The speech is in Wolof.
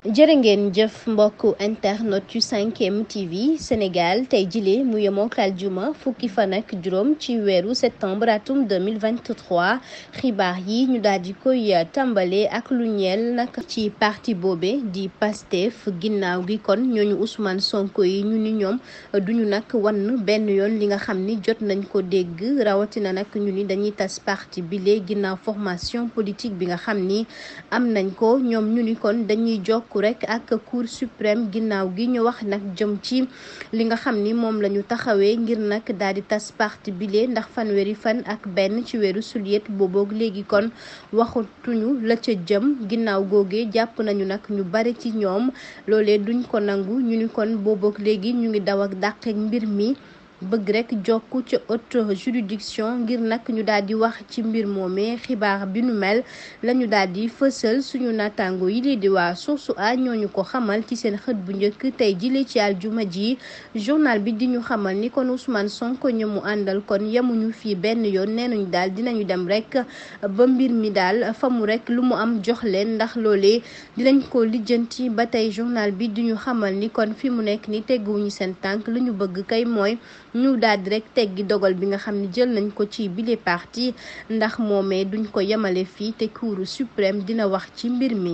jërë ngeen jëf mbokku internet yu 5M TV Sénégal tey jile mu yemook juma fukki fan ak juróom ci weeru septembre atum 2023 xibaar yi ñu daal di koya tàmbale ak lu ñeel nag ci parti boobe di Pastef ginnaaw gi kon ñooñu Ousmane Sonko yi ñu ni ñoom duñu nag wann benn yoon li nga xam ni jot nañ ko dégg rawatina nag ñu ni dañuy tas parti bile ginnaaw formation politique bi nga xam ni am nañ ko ñoom ñu ni kon dañuy jokk sàkku rek ak cour suprême ginnaaw gi ñu wax nag jëm ci li nga xam ni moom la ñu taxawee ngir nag daal di tas parti bile ndax fanweeri fan ak benn ci weeru suliet boobook léegi kon waxatuñu la ca jëm ginnaaw googee jàpp nañu nag ñu bari ci ñoom loolee duñ ko nangu ñu ni kon booboog léegi ñu ngi daw ak dàqeek mbir mi bëgg rek jokk ca haute juridiction ngir nag ñu daal di wax ci mbir moomee xibaar bi nu mel lañu ñu daal di fësal suñu naataango yi di waa source a ñooñu ko xamal ci seen xët bu njëkk tey jile ci aljuma ji journal bi di ñu xamal ni kon Ousmane Sonko mu àndal kon yemuñu fii benn yoon nee nañu daal dinañu dem rek ba mbir mi daal famu mu rek lu mu am jox leen ndax loole dinañ ko lijjanti ba tey journal bi di ñu xamal ni kon fi mu nekk ni teguwuñu seen tànk lu ñu bëgg kay mooy ñu daal di rek teggi dogal bi nga xam ne jël nañu ko ci bile parti ndax moomee duñ ko yemale fii te Cour suprême dina wax ci mbir mi.